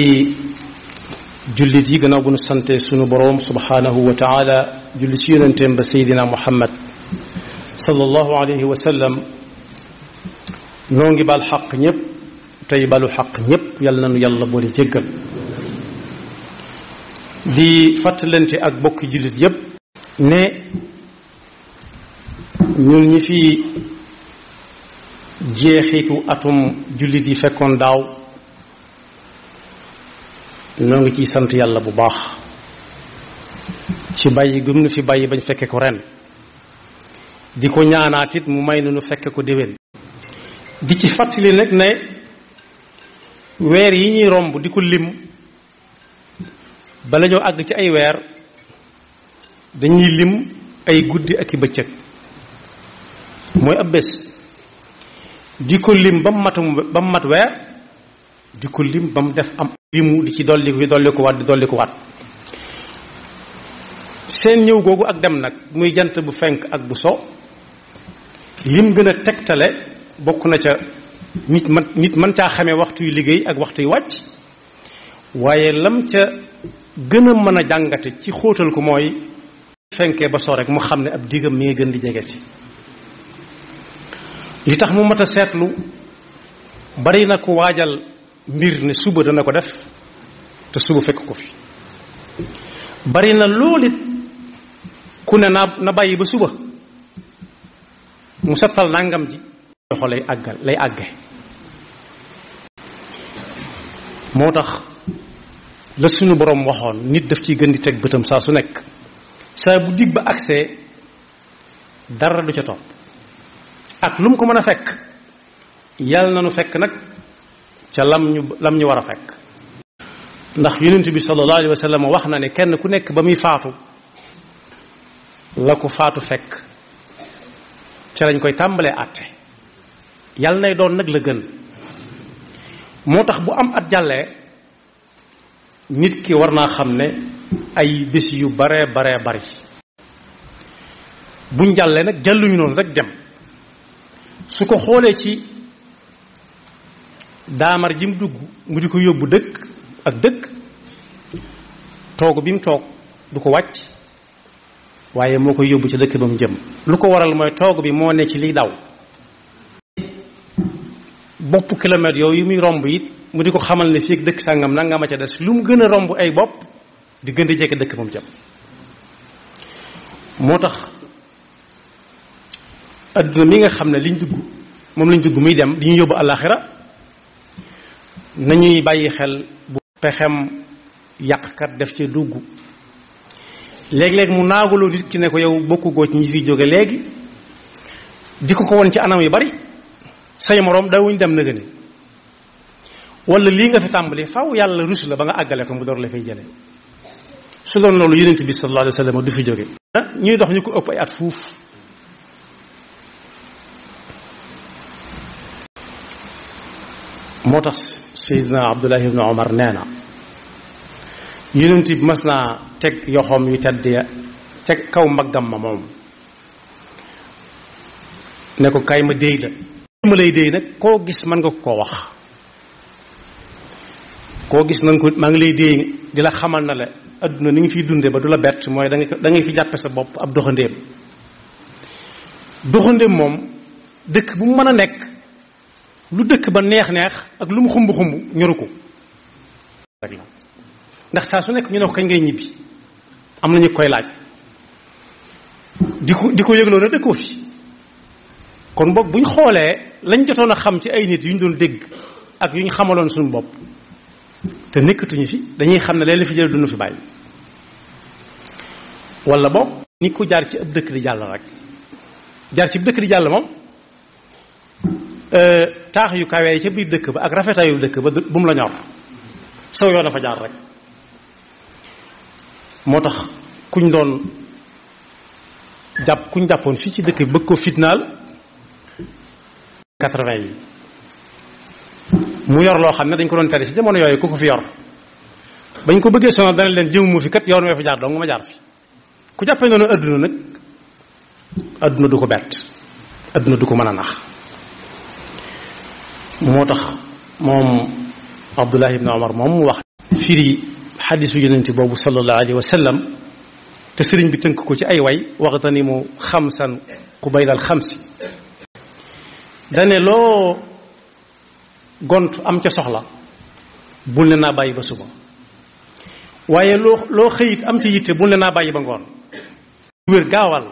ci jullit yi gannaaw bu nu sante sunu boroom subhaanahu wa taala julli ci yonenteem ba seydina muhammad sallallahu alayhi wa sallam noo ngi bal xaq ñépp tey balu xaq ñépp yal nanu yàlla boole jéggal di fàttalante ak bokki jullit yépp ne ñun ñi fi jeexitu atum jullit yi fekkoon daaw noo ngi ciy sant yàlla bu baax ci bàyyi gum nu fi bàyyi bañ fekke ko ren di ko ñaanaatit mu may nañu fekkee ko déwén di ci fàttali nag ne weer yi ñuy romb di ko lim bala ñoo àgg ci ay weer dañuy lim ay guddi ak i bëccëg mooy ab bés di ko lim ba mu matu ba mu mat weer di ko lim ba mu def am limu di ci dolli di dolliku waat di dolliku waat seen ñëw googu ak dem nag muy jant bu fenk ak bu so lim gën a tegtale bokk na ca nit man nit mën caa xamee waxtuy liggéey ak waxtu yu wàcc waaye lam ca gën a mën a jàngate ci xóotal ko mooy fenkee ba so rek mu xam ne ab diggam mi ngi gën di jege ci li tax mu mat seetlu bari ko waajal mbir ne suba dana ko def te suba fekk ko fi bari na lool it ku ne na na bàyyi ba suba mu settal nangam ji loxo lay lay àgge moo tax la suñu borom waxoon nit daf ciy gën di teg bëtam saa su nekk saa bu digg ba agsee dara du ca topp ak lu mu ko mën a fekk yàlla na nu fekk nag ca lam ñu lam ñu war a fekk ndax yonent bi sallallahu alayhi wa wax na ne kenn ku nekk ba muy faatu la ko faatu fekk ca lañ koy tàmbalee àtte yàlla nay doon nag la gën moo tax bu am at jàllee nit ki war naa xam ne ay bis yu bare bare bari buñ jàllee nag jàlluñu noonu rek dem su ko xoolee ci damar jim dugu dugg mu di ko yóbbu dëkk ak dekk tok bi tok du ko wàcc waaye moo koy yóbbu ci dekk bam jëm lu ko waral moy tok bi mo ne ci li daw bop kilomètre yooyu muy rombu yit mu di ko xamal ne fii ak nangama ca dess lu mu ay bop di gën jek dekk bam jëm motax aduna mi nga xamne liñ dugg mom lañ dugg muy dem di ñu nañuy bàyyi xel bu pexem yàqkat def ci dugg léeg-léeg mu naaguloo nit ki ne ko yow bokku goo ñi fi jóge léegi di ko ko woon ci anam yu bari say moroom daawuñ dem na gëne wala lii nga fi tàmbali faw yàlla rus la ba nga àggale ko mu door la fay jële su doon loolu yonent bi sallallahu alayhi wa sallam du fi jóge ñuy dox ñu ko ëpp ay at fuuf moo tax Seydina Abdullahi ibnu Omar nee na yonent bi mas naa teg yoxoom yu tedd ya ca kaw mbaggam ma moom ne ko kaay ma déy la ma lay déy nag koo gis mën nga ko koo wax koo gis na ko maa ngi lay déy di la xamal na la adduna ni ngi fiy dunde ba du la bett mooy da nga fi jàppe sa bopp ab doxandéem doxandéem moom dëkk bu mu mën a nekk lu dëkk ba neex-neex ak lu mu xumb-xumb ñoru ko rek la ndax saa su nekk ñu ne ko kañ ngay ñibbi am na ñu koy laaj di ko di ko yëgloo na dëkkoo fi kon boog buñ xoolee lañ jotoon a xam ci ay nit yu ñu doon dégg ak yu ñu xamaloon suñu bopp te nekkatuñu fi dañuy xam ne leen fi jël duñu fi bàyyi walla boog ni ko jaar ci ab dëkk di jàll rek jaar ci dëkk di jàll moom Euh, taax yu kawe yi ca biir dëkk ba ak rafetaayu dëkk ba bu mu la ñor saw yoon dafa jaar rek moo tax kuñ doon jàpp kuñ jàppoon fii ci dëkk bi bëgg ko fitnaal quatre-vingt yi mu yor loo xam ne dañ ko doon tere ci jamono yooyu ku ko fi yor bañ ko bëggee sonal dana leen jëw mu fi kat yoon wee fa jaar dong ma jaar fi ku jàppee noonu adduna nag adduna du ko bett adduna du ko mën a nax moo tax moom abdullah ibn omar moom mu wax firi xadisu yonente boobu sallallahu alayhi wa sallam te sëriñ bi tënk ko ci ay way waxta ni mu xamsan qubaylal si dane loo gont am ca soxla bul ne naa bàyyi ba suba waaye loo loo xëyit am ci yitte bul ne naa bàyyi ba ngoon wér gaawal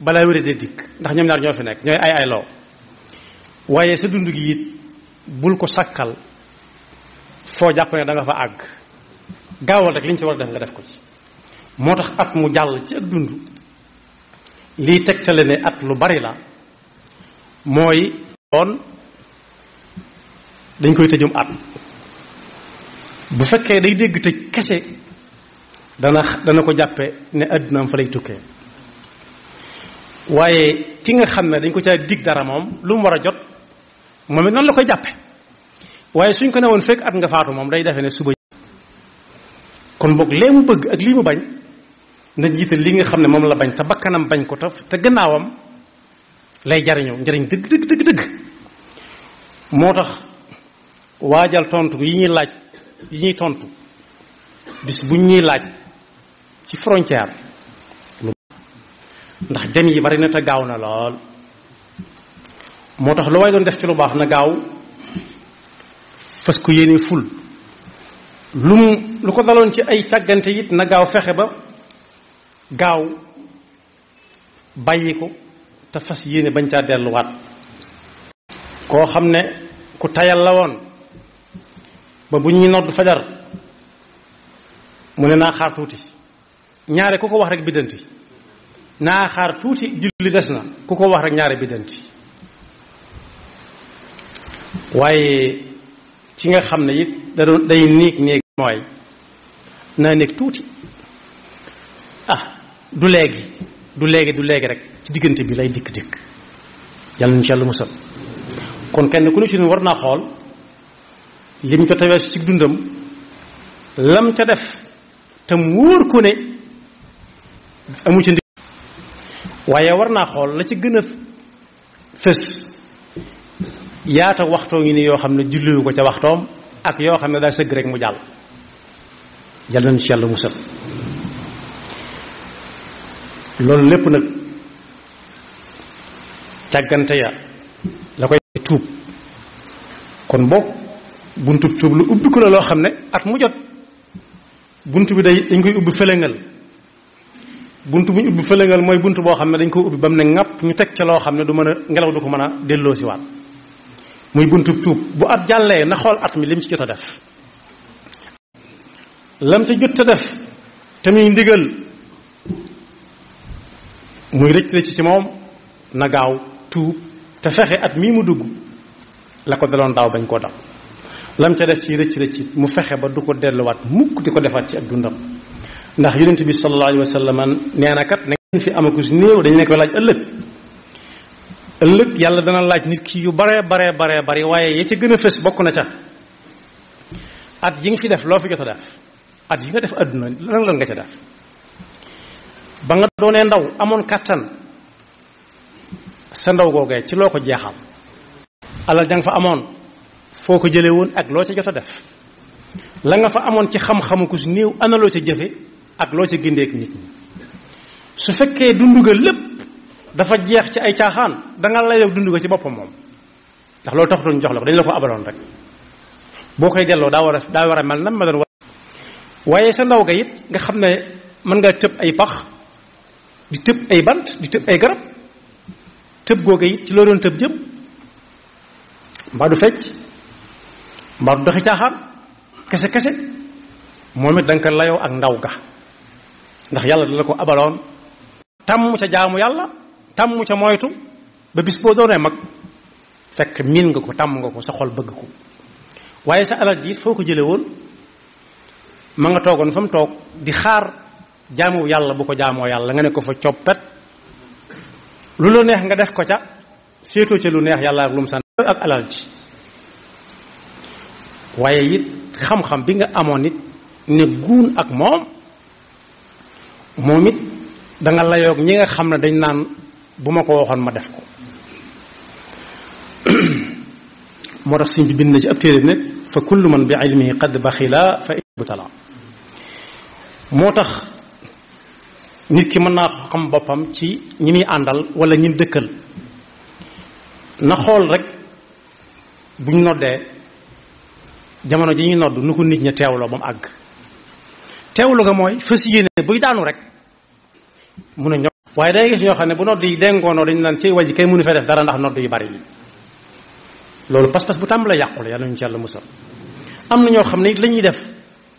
balaa wér dikk ndax ñoom ñaar ñoo fi nekk ñooy ay ay waaye sa dund gi it bul ko sàkkal foo jàpp ne da nga fa àgg gaawal rek li ci war a def nga def ko ci moo tax at mu jàll ci ak dund liy tegtale ne at lu bari la mooy on dañ koy tëjum at bu fekkee day dégg tëj kese dana dana ko jàppe ne àddunaam fa lay tukkee waaye ki nga xam ne dañ ko ca digg dara moom lu mu war a jot moom it noonu la ko jàppe waaye suñ ko ne woon fekk at nga faatu moom day defe ne suba kon boog lee mu bëgg ak lii mu bañ na jiital li nga xam ne moom la bañ te bakkanam bañ ko taf te gannaawam lay jariñoo njariñ dëgg dëgg dëgg moo tax waajal tontu yi ñuy laaj yi ñuy tontu bis buñ ñuy laaj ci frontière ndax dem yi bari na te gaaw na lool moo tax lu waay doon def ci lu baax na gaaw fas ko yéene ful lu mu lu ko daloon ci ay càggante it na gaaw fexe ba gaaw bàyyi ko te fas yéene bañ caa delluwaat koo xam ne ku tayal la woon ba bu ñuy nodd fajar mu ne naa xaar tuuti ñaare ku ko wax rek biddanti naa xaar tuuti julli des na ku ko wax rek ñaare biddanti waaye ci nga xam ne it da doon day néeg néeg mooy naa néeg tuuti ah du léegi du léegi du léegi rek ci diggante bi lay dikk dikk yàlla nañu ci yàlla musal kon kenn ku ne ci war naa xool lim jot a ci dundam lam ca def tam wóor ko ne amu ci ndig waaye war naa xool la ci gën a fës yaata waxtoo ngi ni yoo xam ne julliwu ko ca waxtoom ak yoo xam ne daa sëgg rek mu jàll yal nañ ci yàlla musal loolu lépp nag càggante ya la koy tuub kon boog buntub tuub lu ubbi ko la loo xam ne at mu jot bunt bi day dañ koy ubbi fëlëngal bunt bu ñu ubbi fëlëngal mooy bunt boo xam ne dañ koy ubbi ba mu ne ŋàpp ñu teg ca loo xam ne du mën a ngelaw du ko mën a delloo siwaat muy buntu tuub bu at jàllee na xool at mi lim ci jot a def lam ci jot a def te muy ndigal muy rëcc rëcc ci moom na gaaw tuub te fexe at mii mu dugg la ko daloon daw bañ ko dal lam ca def ci rëcc rëcc mu fexe ba du ko delluwaat mukk di ko defaat ci ak dundam ndax yonent bi sallallahu alayhi wa sallam nee kat na ngeen fi amaku si néew dañ ne ko laaj ëllëg ëllëg yàlla dana laaj nit kii yu baree baree baree bari waaye ya ca gën a fës bokk na ca at yi nga ci def loo fi jot a def at yi nga def adduna lan lan nga ca def ba nga doonee ndaw amoon kàttan sa ndaw googee ci loo ko jeexal alal jang fa amoon foo ko jëlee woon ak loo ca jot a def la nga fa amoon ci xam-xamu ku si néew ana loo ca jëfe ak loo ca gindeek nit su fekkee dundu lépp dafa jeex ci ay caaxaan da nga layoog dund ko ci boppam moom ndax loolu taxutoon jox la ko dañ la ko abaloon rek boo koy delloo daa war a daa war a mel nam ma doon waaye sa ndaw ga it nga xam ne mën nga tëb ay pax di tëb ay bant di tëb ay garab tëb googa it ci loo doon tëb jëm mbaa du fecc mbaa du doxi caaxaan kese kese moom it da nga ko layoo ak ndaw ga ndax yàlla dala ko abaloon tàmm ca jaamu yàlla tàmm ca moytu ba bis boo doonee mag fekk miin nga ko tàmm nga ko sa xol bëgg ko waaye sa alal ji foo ko jële woon ma nga toogoon fa mu toog di xaar jaamu yàlla bu ko jaamoo yàlla nga ne ko fa coppet lu la neex nga def ko ca séetoo ca lu neex yàlla ak lu mu sant ak alal ji waaye it xam-xam bi nga amoon it ne guun ak moom moom it da layoog ñi nga xam ne dañ naan buma ko waxon ma def ko mo tax sëñ bi bind na ci ab téere bi fa kullu man bi ilmihi qad baxila fa ibtala moo tax nit ki mën naa xam boppam ci ñi muy àndal wala ñi dëkkal na xool rek buñ noddee jamono ji ñuy nodd nu ko nit ña teewloo ba mu àgg teewlu nga mooy fas yéene buy daanu rek mun a waaye day gis ñoo xam ne bu nodd yi dengoonoo dañu naan ci waji kay mënu fee def dara ndax nodd yu bari yi loolu pas-pas bu tàmbale yàqu la yàlla ñu ci yàlla musal am na ñoo xam ne lañuy def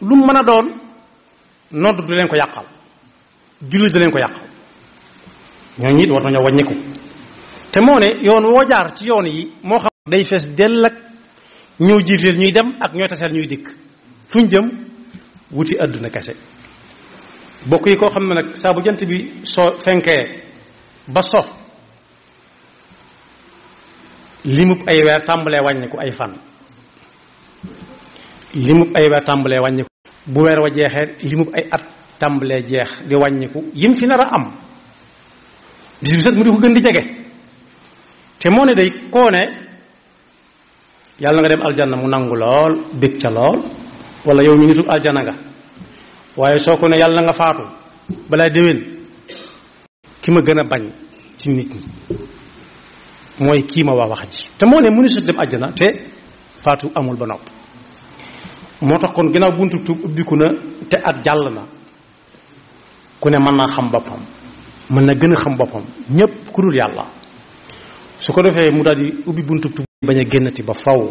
lu mën a doon nodd du leen ko yàqal jullit du leen ko yàqal ñooñu it war nañoo wàññiku te moo ne yoon woo jaar ci yoon yi moo xam day fees dell ak ñëw jiiteel ñuy dem ak ñooy taseel ñuy dikk fuñ jëm wuti àdduna kese bokk yi koo xam ne nag saa bu jant bi soo fenkee ba so limub ay weer tàmbalee wàññiku ay fan limub ay weer tàmbalee wàññiku bu weer wa jeexee limub ay at tàmbalee jeex di wàññiku yim fi nar a am bis bi mu di ko gën di jege te moo ne day koo ne yàlla nga dem aljana mu nangu lool bég ca lool walla yow ñu nitu aljanna nga waaye soo ko ne yàlla nga faatu balaa déwén ki ma gën a bañ ci nit ñi mooy kii ma waa wax ji te moo ne mënu su dem àjjana te faatu amul ba nopp moo tax kon ginnaaw buntu tuub ubbiku na te at jàll na ku ne mën naa xam boppam mën na gën a xam boppam ñépp ku dul yàlla su ko defee mu daal di ubbi buntu tuub bañ a génnati ba faw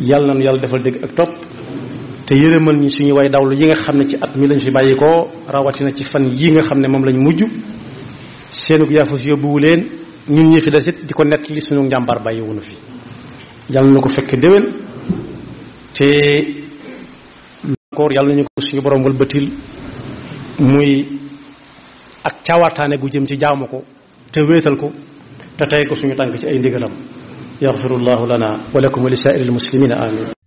yàlla na nu yàlla defal dégg ak topp te yërëmal ñi suñu way dawlu yi nga xam ne ci at mi lañ fi bàyyi ko rawatina ci fan yi nga xam ne moom lañu mujj seenug yaafus yóbbuwu leen ñun ñi fi desit di ko nett li suñu njàmbaar bàyyi wunu fi yàlla na ko fekk déwén te encore yàlla ñu ko suñu borom wëlbatil muy ak caawaataane gu jëm ci jaamu ko te wéetal ko te tey ko suñu tànk ci ay ndigalam yaxfirullahu lana wa lakum wa li saa'iril muslimina amin